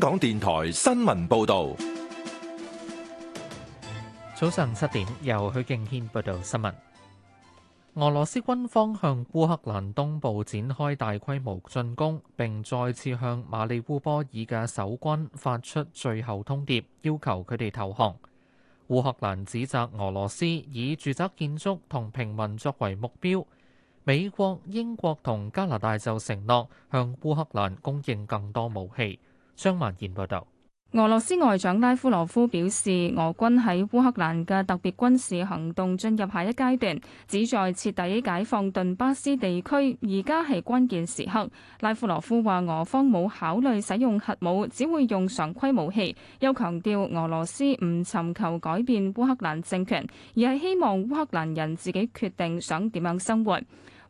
港電台新聞報道：早上七點，由許敬軒報道新聞。俄羅斯軍方向烏克蘭東部展開大規模進攻，並再次向馬里烏波爾嘅守軍發出最後通牒，要求佢哋投降。烏克蘭指責俄羅斯以住宅建築同平民作為目標。美國、英國同加拿大就承諾向烏克蘭供應更多武器。張曼燕報道，俄羅斯外長拉夫羅夫表示，俄軍喺烏克蘭嘅特別軍事行動進入下一階段，旨在徹底解放頓巴斯地區。而家係關鍵時刻，拉夫羅夫話俄方冇考慮使用核武，只會用常規武器。又強調俄羅斯唔尋求改變烏克蘭政權，而係希望烏克蘭人自己決定想點樣生活。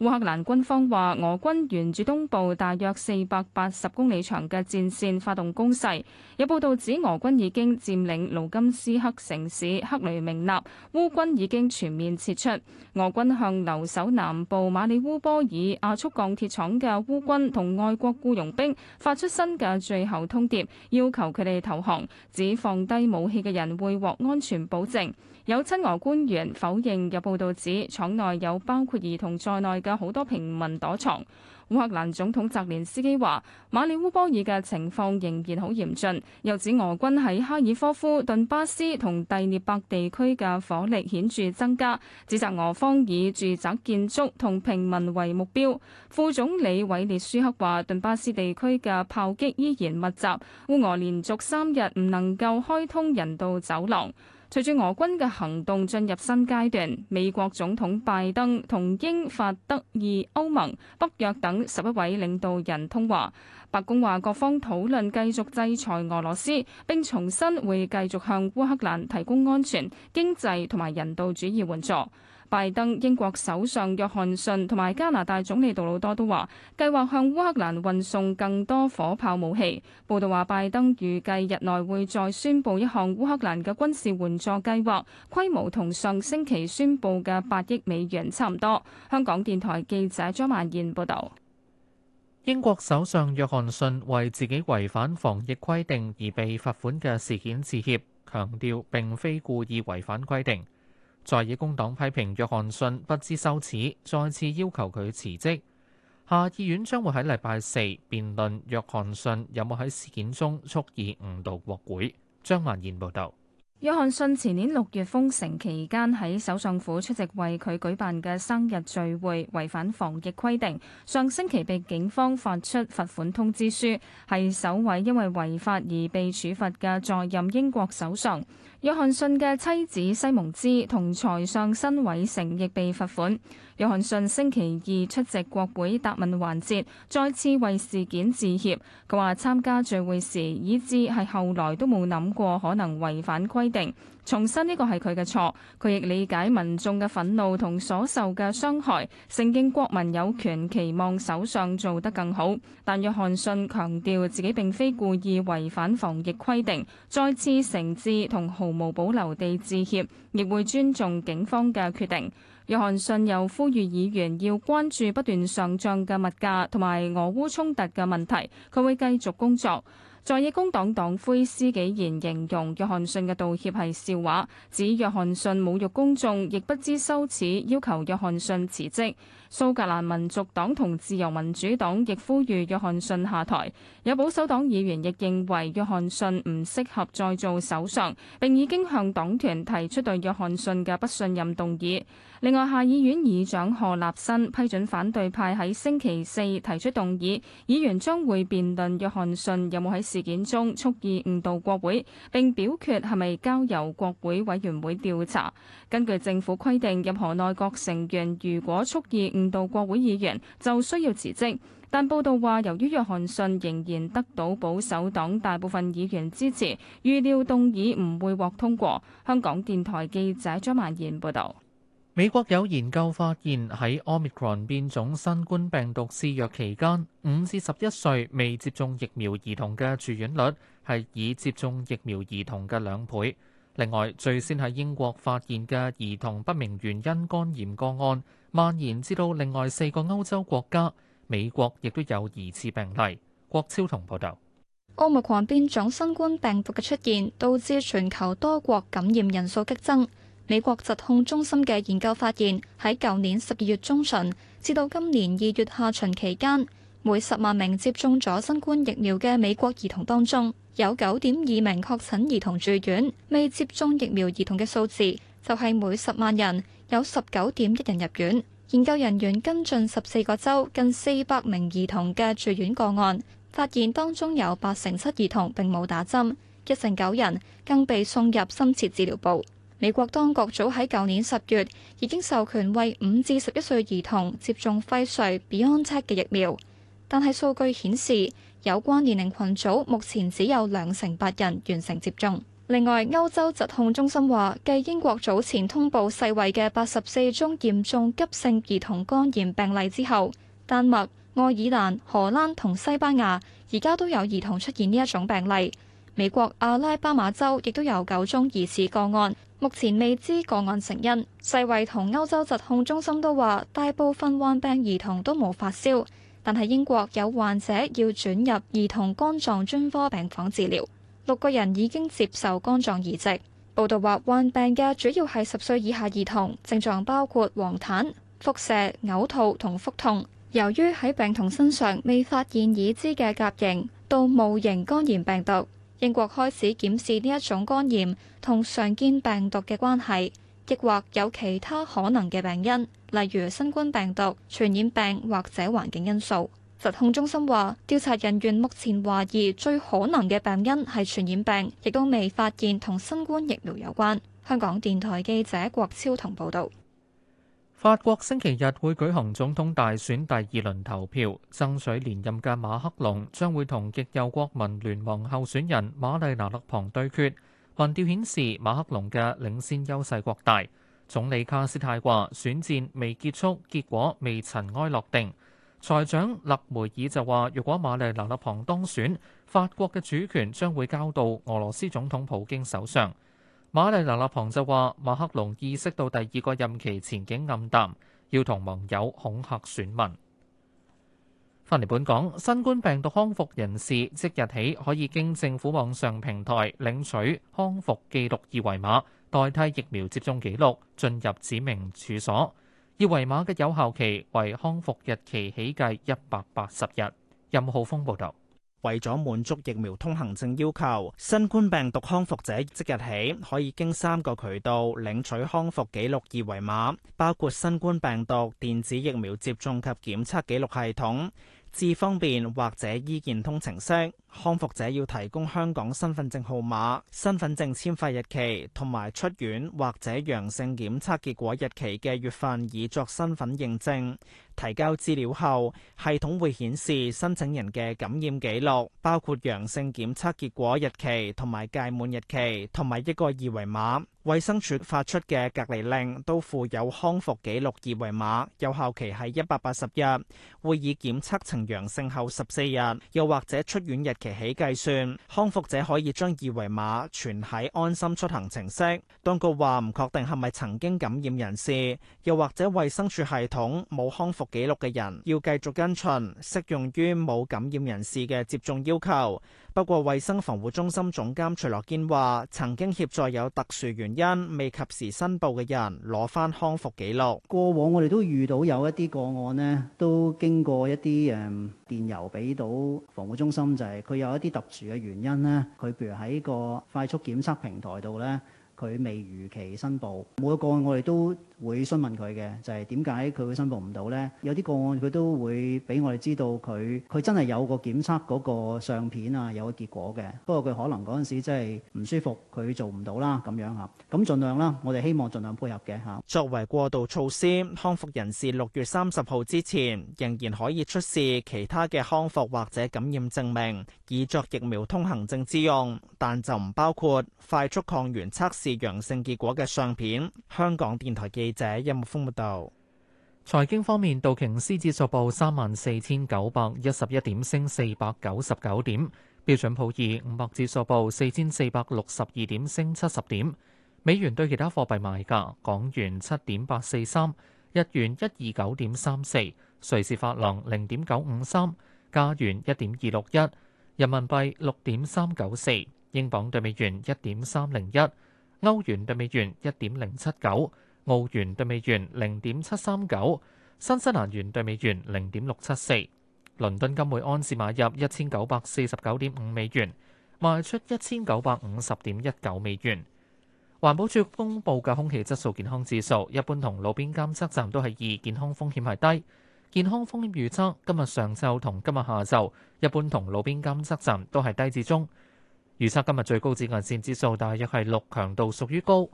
烏克蘭軍方話俄軍沿住東部大約四百八十公里長嘅戰線發動攻勢，有報道指俄軍已經佔領盧甘斯克城市、克雷明納，烏軍已經全面撤出。俄軍向留守南部馬里烏波爾亞速鋼鐵廠嘅烏軍同外國僱傭兵發出新嘅最後通牒，要求佢哋投降，指放低武器嘅人會獲安全保證。有親俄官員否認有報道指廠內有包括兒童在內嘅有好多平民躲藏。烏克蘭總統澤連斯基話，馬里烏波爾嘅情況仍然好嚴峻，又指俄軍喺哈爾科夫、頓巴斯同第聶伯地區嘅火力顯著增加，指責俄方以住宅建築同平民為目標。副總理韋列舒克話，頓巴斯地區嘅炮擊依然密集，烏俄連續三日唔能夠開通人道走廊。隨住俄軍嘅行動進入新階段，美國總統拜登同英法德意歐盟、北約等十一位領導人通話。白宮話，各方討論繼續制裁俄羅斯，並重申會繼續向烏克蘭提供安全、經濟同埋人道主義援助。拜登、英國首相約翰遜同埋加拿大總理杜魯多都話，計劃向烏克蘭運送更多火炮武器。報道話，拜登預計日內會再宣布一項烏克蘭嘅軍事援助計劃，規模同上星期宣布嘅八億美元差唔多。香港電台記者張曼燕報導。英國首相約翰遜為自己違反防疫規定而被罰款嘅事件致歉，強調並非故意違反規定。在野工黨批評約翰遜不知羞恥，再次要求佢辭職。下議院將會喺禮拜四辯論約翰遜有冇喺事件中蓄意誤導國會。張曼燕報導。約翰遜前年六月封城期間喺首相府出席為佢舉辦嘅生日聚會，違反防疫規定。上星期被警方發出罰款通知書，係首位因為違法而被處罰嘅在任英國首相。約翰遜嘅妻子西蒙茲同財相辛偉誠亦被罰款。約翰遜星期二出席國會答問環節，再次為事件致歉。佢話參加聚會時，以致係後來都冇諗過可能違反規定。重申呢個係佢嘅錯，佢亦理解民眾嘅憤怒同所受嘅傷害，承認國民有權期望首相做得更好。但約翰遜強調自己並非故意違反防疫規定，再次誠摯同毫無保留地致歉，亦會尊重警方嘅決定。約翰遜又呼籲議員要關注不斷上漲嘅物價同埋俄烏衝突嘅問題，佢會繼續工作。在野工黨黨魁施紀賢形容約翰遜嘅道歉係笑話，指約翰遜侮辱公眾，亦不知羞恥，要求約翰遜辭職。蘇格蘭民族黨同自由民主黨亦呼籲約翰遜下台，有保守黨議員亦認為約翰遜唔適合再做首相，並已經向黨團提出對約翰遜嘅不信任動議。另外，下議院議長賀立新批准反對派喺星期四提出動議，議員將會辯論約翰遜有冇喺事件中蓄意誤導國會，並表決係咪交由國會委員會調查。根據政府規定，任何內閣成員如果蓄意令到國會議員就需要辭職，但報道話，由於約翰遜仍然得到保守黨大部分議員支持，預料動議唔會獲通過。香港電台記者張曼燕報導。美國有研究發現，喺 Omicron 變種新冠病毒肆虐期間，五至十一歲未接種疫苗兒童嘅住院率係已接種疫苗兒童嘅兩倍。另外，最先喺英國發現嘅兒童不明原因肝炎個案蔓延至到另外四個歐洲國家，美國亦都有疑似病例。郭超同報道，奧密克戎變種新冠病毒嘅出現，導致全球多國感染人數激增。美國疾控中心嘅研究發現，喺舊年十二月中旬至到今年二月下旬期間，每十萬名接種咗新冠疫苗嘅美國兒童當中，有九點二名確診兒童住院；未接種疫苗兒童嘅數字就係、是、每十萬人。有十九點一人入院。研究人員跟進十四個州近四百名兒童嘅住院個案，發現當中有八成七兒童並冇打針，一成九人更被送入深切治療部。美國當局早喺舊年十月已經授權為五至十一歲兒童接種輝瑞、比安策嘅疫苗，但係數據顯示有關年齡群組目前只有兩成八人完成接種。另外，歐洲疾控中心話，繼英國早前通報世衛嘅八十四宗嚴重急性兒童肝炎病例之後，丹麥、愛爾蘭、荷蘭同西班牙而家都有兒童出現呢一種病例。美國阿拉巴馬州亦都有九宗疑似個案，目前未知個案成因。世衛同歐洲疾控中心都話，大部分患病兒童都冇發燒，但係英國有患者要轉入兒童肝臟專科病房治療。六個人已經接受肝臟移植。報道話，患病嘅主要係十歲以下兒童，症狀包括黃疸、腹瀉、嘔吐同腹痛。由於喺病童身上未發現已知嘅甲型到戊型肝炎病毒，英國開始檢視呢一種肝炎同常見病毒嘅關係，亦或有其他可能嘅病因，例如新冠病毒、傳染病或者環境因素。疾控中心話調查人員目前懷疑最可能嘅病因係傳染病，亦都未發現同新冠疫苗有關。香港電台記者郭超同報道。法國星期日會舉行總統大選第二輪投票，爭取連任嘅馬克龍將會同極右國民聯盟候選人瑪麗娜勒龐對決，民調顯示馬克龍嘅領先優勢擴大。總理卡斯泰話選戰未結束，結果未塵埃落定。財長勒梅爾就話：如果馬麗娜立旁當選，法國嘅主權將會交到俄羅斯總統普京手上。馬麗娜立旁就話：馬克龍意識到第二個任期前景暗淡，要同盟友恐嚇選民。翻嚟本港，新冠病毒康復人士即日起可以經政府網上平台領取康復記錄二維碼，代替疫苗接種記錄進入指明處所。二維碼嘅有效期為康復日期起計一百八十日。任浩峰報道，為咗滿足疫苗通行證要求，新冠病毒康復者即日起可以經三個渠道領取康復記錄二維碼，包括新冠病毒電子疫苗接種及檢測記錄系統、智方便或者醫健通程式。康復者要提供香港身份證號碼、身份證簽發日期同埋出院或者陽性檢測結果日期嘅月份，以作身份認證。提交資料後，系統會顯示申請人嘅感染記錄，包括陽性檢測結果日期同埋屆滿日期，同埋一個二維碼。衛生署發出嘅隔離令都附有康復記錄二維碼，有效期係一百八十日，會以檢測呈陽性後十四日，又或者出院日。期起計算，康復者可以將二維碼存喺安心出行程式。當局話，唔確定係咪曾經感染人士，又或者衛生署系統冇康復記錄嘅人，要繼續跟循適用於冇感染人士嘅接種要求。不過衛生防護中心總監徐樂堅話，曾經協助有特殊原因未及時申報嘅人攞翻康復記錄。過往我哋都遇到有一啲個案呢，都經過一啲誒、嗯、電郵俾到防護中心，就係、是、佢有一啲特殊嘅原因呢，佢譬如喺個快速檢測平台度呢。佢未如期申報，每一個案我哋都會詢問佢嘅，就係點解佢會申報唔到咧？有啲個案佢都會俾我哋知道佢佢真係有個檢測嗰個相片啊，有個結果嘅。不過佢可能嗰陣時真係唔舒服，佢做唔到啦咁樣吓，咁盡量啦，我哋希望盡量配合嘅吓，作為過渡措施，康復人士六月三十號之前仍然可以出示其他嘅康復或者感染證明，以作疫苗通行證之用，但就唔包括快速抗原測試。陽性結果嘅相片。香港電台記者任木峰報道。財經方面，道瓊斯指數報三萬四千九百一十一點，升四百九十九點；標準普爾五百指數報四千四百六十二點，升七十點。美元對其他貨幣賣價：港元七點八四三，日元一二九點三四，瑞士法郎零點九五三，加元一點二六一，人民幣六點三九四，英鎊兌美元一點三零一。歐元對美元一點零七九，澳元對美元零點七三九，新西蘭元對美元零點六七四。倫敦金每盎司買入一千九百四十九點五美元，賣出一千九百五十點一九美元。環保署公布嘅空氣質素健康指數，一般同路邊監測站都係二，健康風險係低。健康風險預測今日上晝同今日下晝，一般同路邊監測站都係低至中。預測今日最高紫外線指數大約係六，強度屬於高。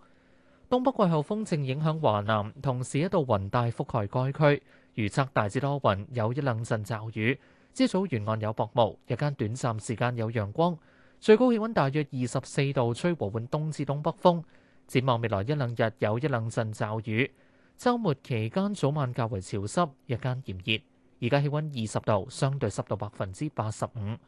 東北季候風正影響華南，同時一道雲帶覆蓋該區。預測大致多雲，有一兩陣驟雨。朝早沿岸有薄霧，日間短暫時間有陽光。最高氣温大約二十四度，吹和緩東至東北風。展望未來一兩日有一兩陣驟雨。週末期間早晚較為潮濕，日間炎熱。而家氣温二十度，相對濕度百分之八十五。